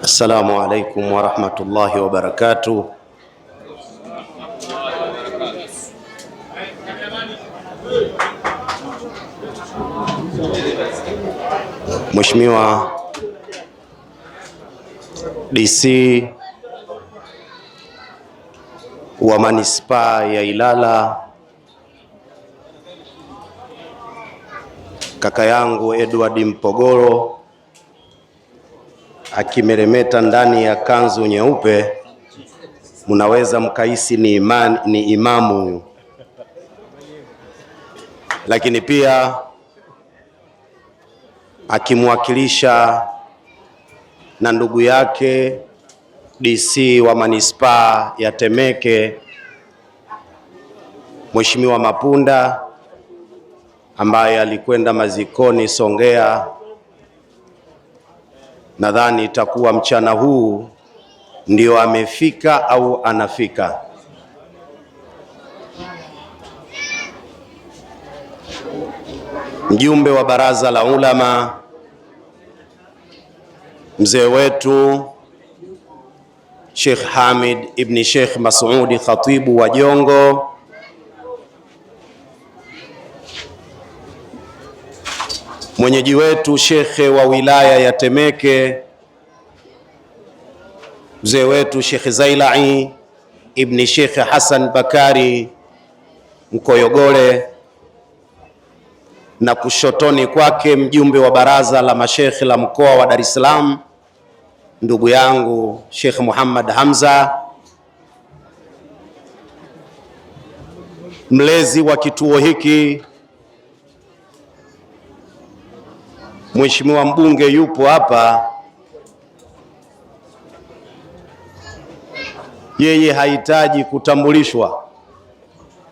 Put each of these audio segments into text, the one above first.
Assalamu alaikum warahmatullahi wabarakatuh. Mheshimiwa DC wa manispaa ya Ilala, kaka yangu Edward Mpogoro akimeremeta ndani ya kanzu nyeupe, mnaweza mkaisi ni, iman, ni imamu huyu. Lakini pia akimwakilisha na ndugu yake DC wa manispaa ya Temeke Mheshimiwa Mapunda ambaye alikwenda mazikoni Songea nadhani itakuwa mchana huu ndio amefika au anafika. Mjumbe wa baraza la ulama, mzee wetu Sheikh Hamid ibn Sheikh Masudi khatibu wa Jongo mwenyeji wetu shekhe wa wilaya ya Temeke, mzee wetu Shekhe Zailai ibni Shekhe Hasan Bakari Mkoyogole, na kushotoni kwake mjumbe wa baraza la mashekhe la mkoa wa Dar es Salaam, ndugu yangu Shekhe Muhammad Hamza, mlezi wa kituo hiki Mheshimiwa mbunge yupo hapa, yeye hahitaji kutambulishwa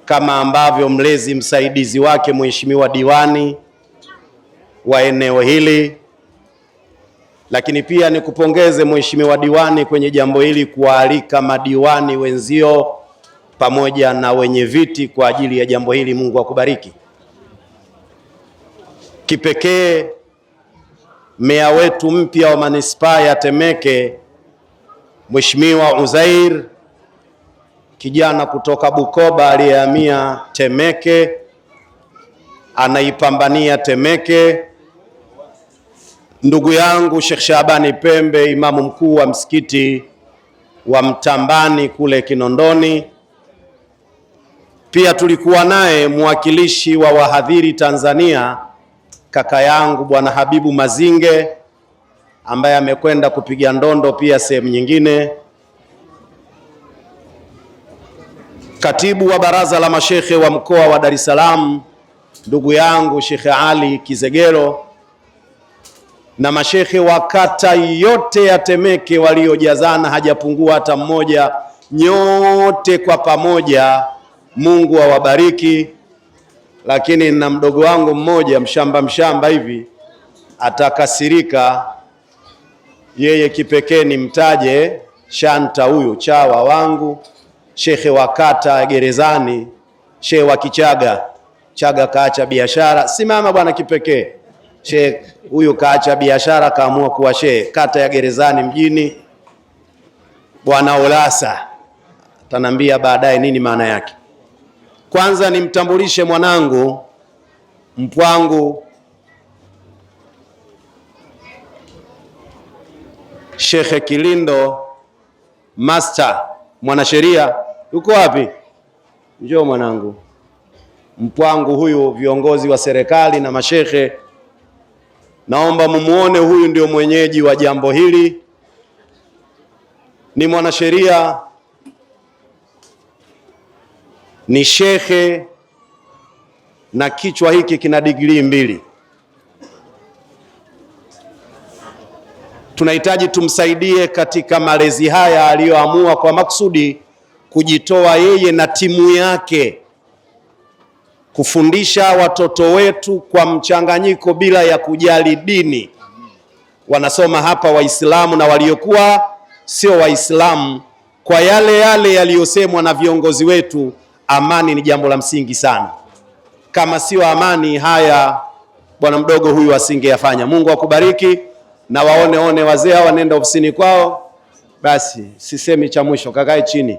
kama ambavyo mlezi msaidizi wake Mheshimiwa diwani wa eneo hili. Lakini pia nikupongeze Mheshimiwa diwani kwenye jambo hili, kuwaalika madiwani wenzio pamoja na wenye viti kwa ajili ya jambo hili. Mungu akubariki kipekee meya wetu mpya wa manispaa ya Temeke Mheshimiwa Uzair, kijana kutoka Bukoba aliyehamia Temeke, anaipambania Temeke. Ndugu yangu Sheikh Shabani Pembe, imamu mkuu wa msikiti wa Mtambani kule Kinondoni. Pia tulikuwa naye mwakilishi wa wahadhiri Tanzania kaka yangu bwana Habibu Mazinge ambaye amekwenda kupiga ndondo pia sehemu nyingine, katibu wa baraza la mashekhe wa mkoa wa Dar es Salaam ndugu yangu Shekhe Ali Kizegelo na mashekhe wa kata yote ya Temeke waliojazana, hajapungua hata mmoja. Nyote kwa pamoja Mungu awabariki wa lakini na mdogo wangu mmoja mshamba mshamba hivi atakasirika. Yeye kipekee ni mtaje Shanta, huyu chawa wangu, shekhe wa kata gerezani, shehe wa Kichaga. Chaga kaacha biashara, simama bwana, kipekee shehe huyu kaacha biashara, kaamua kuwa shehe kata ya gerezani mjini. Bwana Olasa tanambia baadaye nini maana yake. Kwanza nimtambulishe mwanangu mpwangu Shekhe Kilindo Master, mwanasheria. Yuko wapi? Njoo mwanangu mpwangu huyu, viongozi wa serikali na mashekhe, naomba mumuone huyu, ndio mwenyeji wa jambo hili, ni mwanasheria ni shekhe na kichwa hiki kina digrii mbili. Tunahitaji tumsaidie katika malezi haya aliyoamua kwa maksudi kujitoa yeye na timu yake kufundisha watoto wetu kwa mchanganyiko bila ya kujali dini. Wanasoma hapa Waislamu na waliokuwa sio Waislamu, kwa yale yale yaliyosemwa na viongozi wetu amani ni jambo la msingi sana. Kama sio amani, haya bwana mdogo huyu asingeyafanya. Mungu akubariki na waone one wazee hawa, nenda ofisini kwao. Basi sisemi cha mwisho, kakae chini.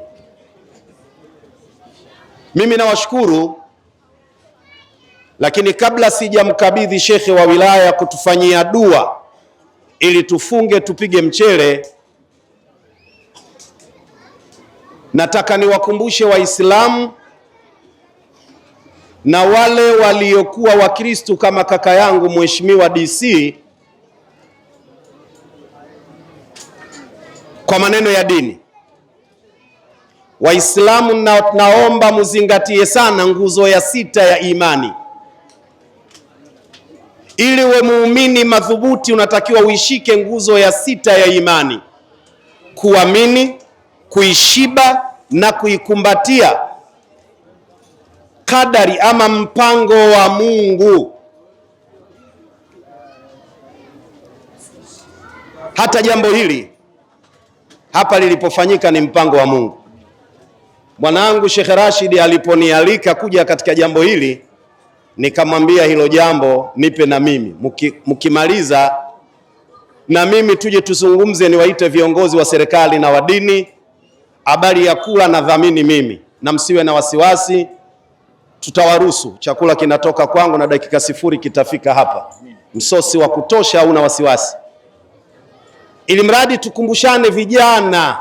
Mimi nawashukuru, lakini kabla sijamkabidhi shekhe wa wilaya kutufanyia dua ili tufunge tupige mchele, nataka niwakumbushe Waislamu na wale waliokuwa Wakristu kama kaka yangu mheshimiwa DC kwa maneno ya dini. Waislamu na, naomba muzingatie sana nguzo ya sita ya imani. Ili we muumini madhubuti, unatakiwa uishike nguzo ya sita ya imani: kuamini, kuishiba na kuikumbatia kadari ama mpango wa Mungu. Hata jambo hili hapa lilipofanyika ni mpango wa Mungu. Mwanangu Sheikh Rashid aliponialika kuja katika jambo hili, nikamwambia hilo jambo nipe na mimi, mkimaliza na mimi tuje tuzungumze, niwaite viongozi wa serikali na wa dini, habari ya kula na dhamini mimi, na msiwe na wasiwasi tutawaruhusu, chakula kinatoka kwangu na dakika sifuri kitafika hapa, msosi wa kutosha, hauna wasiwasi, ili mradi tukumbushane vijana,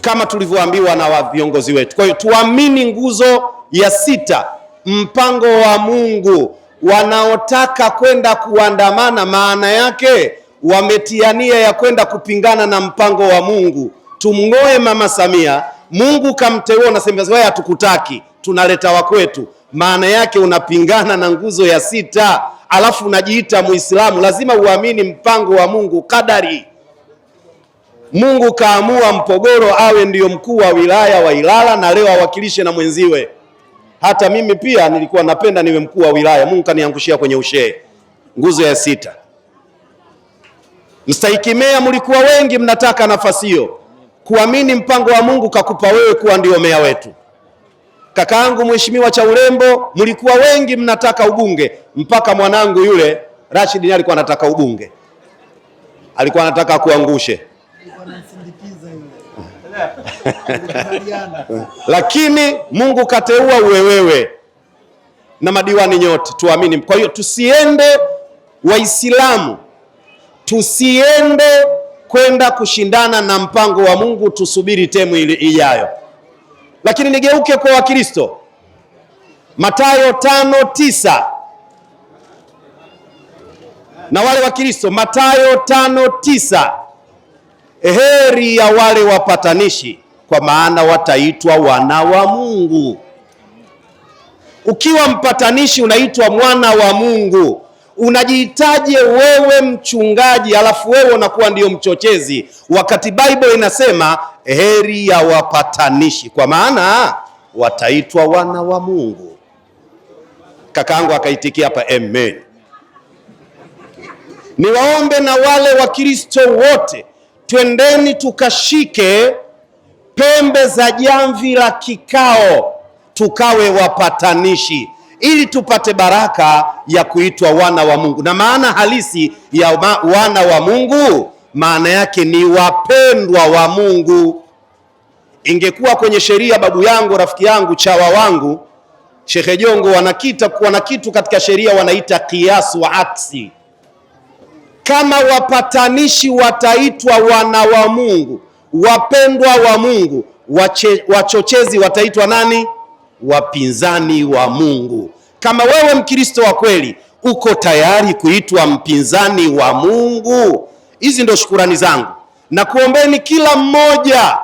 kama tulivyoambiwa na wa viongozi wetu. Kwa hiyo tuamini nguzo ya sita, mpango wa Mungu. Wanaotaka kwenda kuandamana, maana yake wametia nia ya kwenda kupingana na mpango wa Mungu. Tumng'oe Mama Samia Mungu kamteua, unasema wewe hatukutaki, tunaleta wa kwetu. Maana yake unapingana na nguzo ya sita, alafu unajiita Muislamu. Lazima uamini mpango wa Mungu, kadari Mungu kaamua Mpogoro awe ndiyo mkuu wa wilaya wa Ilala na leo awakilishe na mwenziwe. Hata mimi pia nilikuwa napenda niwe mkuu wa wilaya, Mungu kaniangushia kwenye ushee. Nguzo ya sita, mstaikimea, mlikuwa wengi mnataka nafasi hiyo kuamini mpango wa Mungu kakupa wewe kuwa ndio meya wetu. Kakaangu Mheshimiwa Chaurembo, mlikuwa wengi mnataka ubunge, mpaka mwanangu yule Rashid ni alikuwa anataka ubunge, alikuwa anataka kuangushe lakini Mungu kateua uwe wewe na madiwani nyote, tuamini. Kwa hiyo tusiende Waislamu, tusiende kwenda kushindana na mpango wa Mungu, tusubiri temu ile ijayo. Lakini nigeuke kwa Wakristo, Mathayo tano tisa na wale Wakristo, Mathayo tano tisa heri ya wale wapatanishi, kwa maana wataitwa wana wa Mungu. Ukiwa mpatanishi unaitwa mwana wa Mungu unajihitaji wewe mchungaji, alafu wewe unakuwa ndiyo mchochezi, wakati Bible inasema heri ya wapatanishi, kwa maana wataitwa wana wa Mungu. Kakaangu akaitikia hapa amen. Niwaombe na wale Wakristo wote, twendeni tukashike pembe za jamvi la kikao, tukawe wapatanishi ili tupate baraka ya kuitwa wana wa Mungu. Na maana halisi ya wana wa Mungu maana yake ni wapendwa wa Mungu. Ingekuwa kwenye sheria, babu yangu, rafiki yangu, chawa wangu, Shekhe Jongo, wanakita wana kitu katika sheria wanaita kiasu wa aksi. Kama wapatanishi wataitwa wana wa Mungu, wapendwa wa Mungu, wache, wachochezi wataitwa nani? wapinzani wa Mungu. Kama wewe Mkristo wa kweli uko tayari kuitwa mpinzani wa Mungu, hizi ndo shukurani zangu na kuombeni kila mmoja.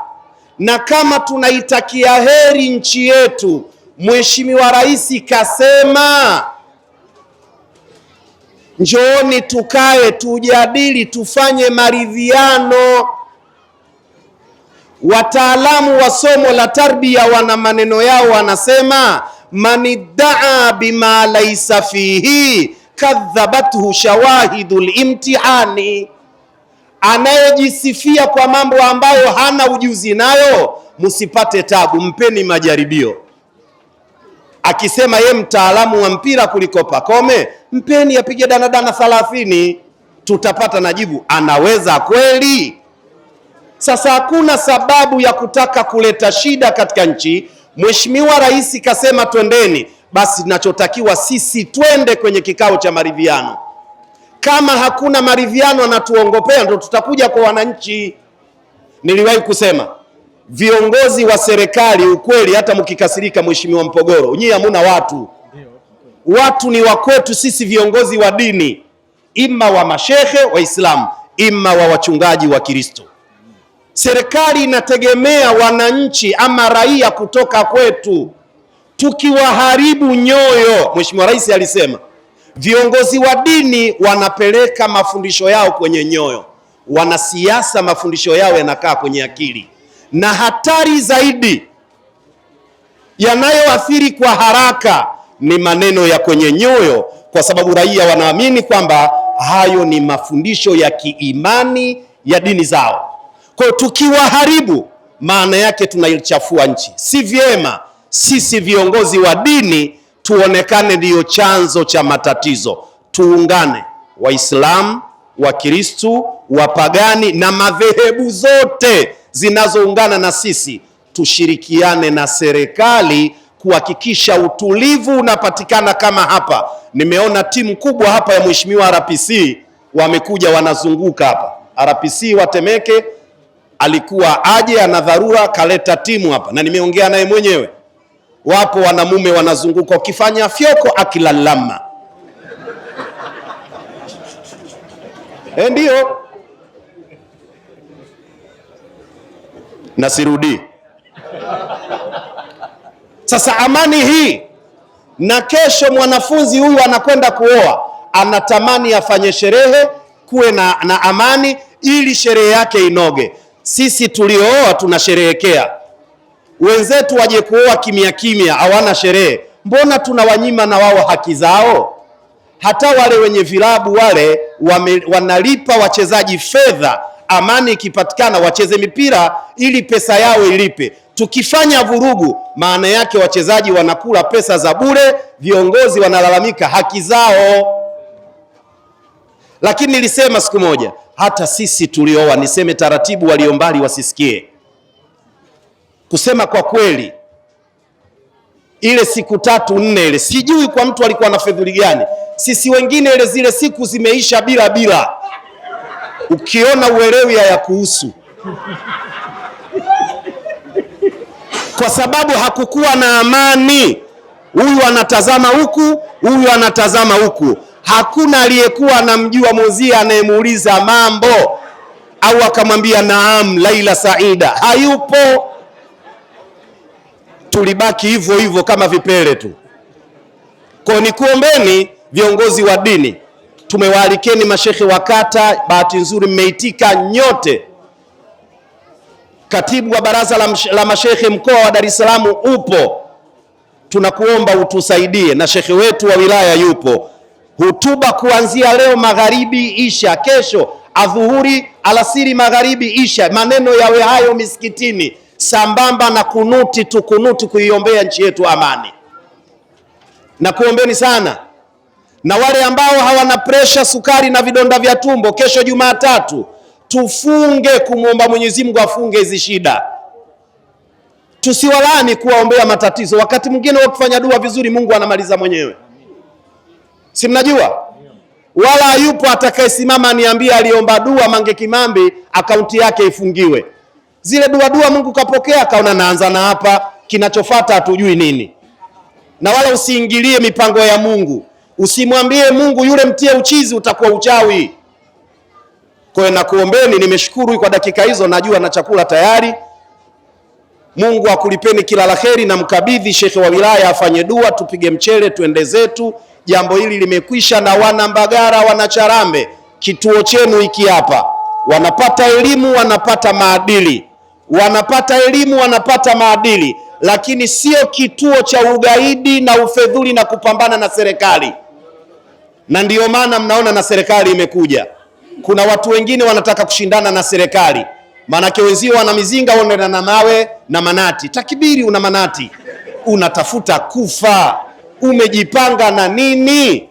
Na kama tunaitakia heri nchi yetu, Mheshimiwa Rais kasema njooni tukae, tujadili, tufanye maridhiano Wataalamu wa somo la tarbia wana maneno yao, wanasema maniddaa bima laisa fihi kadhabathu shawahidu limtihani, anayejisifia kwa mambo ambayo hana ujuzi nayo, msipate tabu, mpeni majaribio. Akisema ye mtaalamu wa mpira kuliko Pakome, mpeni apige danadana thalathini, tutapata najibu. Anaweza kweli? Sasa hakuna sababu ya kutaka kuleta shida katika nchi. Mheshimiwa Rais kasema twendeni, basi tunachotakiwa sisi twende kwenye kikao cha maridhiano. Kama hakuna maridhiano anatuongopea, ndo tutakuja kwa wananchi. Niliwahi kusema viongozi wa serikali, ukweli hata mkikasirika, Mheshimiwa Mpogoro, nyie hamuna watu, watu ni wakwetu sisi viongozi wa dini, ima wa mashehe Waislamu, ima wa wachungaji wa Kristo. Serikali inategemea wananchi ama raia kutoka kwetu. Tukiwaharibu nyoyo, Mheshimiwa Rais alisema viongozi wa dini wanapeleka mafundisho yao kwenye nyoyo, wanasiasa mafundisho yao yanakaa kwenye akili, na hatari zaidi yanayoathiri kwa haraka ni maneno ya kwenye nyoyo, kwa sababu raia wanaamini kwamba hayo ni mafundisho ya kiimani ya dini zao. Kwa tukiwaharibu, maana yake tunaichafua nchi. Si vyema sisi viongozi wa dini tuonekane ndiyo chanzo cha matatizo. Tuungane Waislamu, Wakristu, wapagani na madhehebu zote zinazoungana na sisi, tushirikiane na serikali kuhakikisha utulivu unapatikana. Kama hapa nimeona timu kubwa hapa ya mheshimiwa RPC wamekuja wanazunguka hapa RPC Watemeke alikuwa aje, ana dharura, kaleta timu hapa, na nimeongea naye mwenyewe. Wapo wanamume wanazunguka, wakifanya fyoko akilalama E, ndio na Sasa amani hii, na kesho mwanafunzi huyu anakwenda kuoa, anatamani afanye sherehe, kuwe na, na amani ili sherehe yake inoge. Sisi tuliooa tunasherehekea, wenzetu waje kuoa kimya kimya, hawana sherehe. Mbona tunawanyima na wao haki zao? Hata wale wenye vilabu wale wame, wanalipa wachezaji fedha, amani ikipatikana wacheze mipira ili pesa yao ilipe. Tukifanya vurugu, maana yake wachezaji wanakula pesa za bure, viongozi wanalalamika haki zao. Lakini nilisema siku moja hata sisi tulioa, niseme taratibu, walio mbali wasisikie. Kusema kwa kweli, ile siku tatu nne ile, sijui kwa mtu alikuwa na fedhuli gani. Sisi wengine ile zile siku zimeisha bila bila, ukiona uelewi haya kuhusu kwa sababu hakukuwa na amani. Huyu anatazama huku, huyu anatazama huku. Hakuna aliyekuwa anamjua mwenzie anayemuuliza mambo au akamwambia naam, Laila Saida hayupo. Tulibaki hivyo hivyo kama vipele tu. Kwa ni kuombeni viongozi wa dini, tumewaalikeni mashekhe wa kata, bahati nzuri mmeitika nyote. Katibu wa baraza la, la mashekhe mkoa wa Dar es Salaam upo, tunakuomba utusaidie, na shekhe wetu wa wilaya yupo Hutuba kuanzia leo magharibi, isha. Kesho adhuhuri, alasiri, magharibi, isha. Maneno yawe hayo misikitini, sambamba na kunuti, tukunuti kuiombea nchi yetu amani. Na kuombeni sana na wale ambao hawana presha, sukari na vidonda vya tumbo, kesho Jumatatu tufunge kumwomba Mwenyezi Mungu afunge hizi shida. Tusiwalani kuwaombea matatizo, wakati mwingine wakifanya dua vizuri Mungu anamaliza mwenyewe si mnajua, wala yupo atakayesimama niambie aliomba dua Mange Kimambi akaunti yake ifungiwe. Zile dua dua Mungu kapokea, akaona naanza na hapa, kinachofuata hatujui nini. Na wala usiingilie mipango ya Mungu, usimwambie Mungu yule mtie uchizi, utakuwa uchawi. Kwa hiyo nakuombeni, nimeshukuru kwa dakika hizo, najua na chakula tayari. Mungu akulipeni kila laheri na mkabidhi shekhe wa wilaya afanye dua, tupige mchele tuende zetu. Jambo hili limekwisha, na wana Mbagara, wana Charambe, kituo chenu hiki hapa, wanapata elimu, wanapata maadili, wanapata elimu, wanapata maadili, lakini sio kituo cha ugaidi na ufedhuli na kupambana na serikali. Na ndiyo maana mnaona na serikali imekuja. Kuna watu wengine wanataka kushindana na serikali, maanake wenzio wana mizinga, wanaenda na mawe na manati. Takibiri, una manati, unatafuta kufa umejipanga na nini?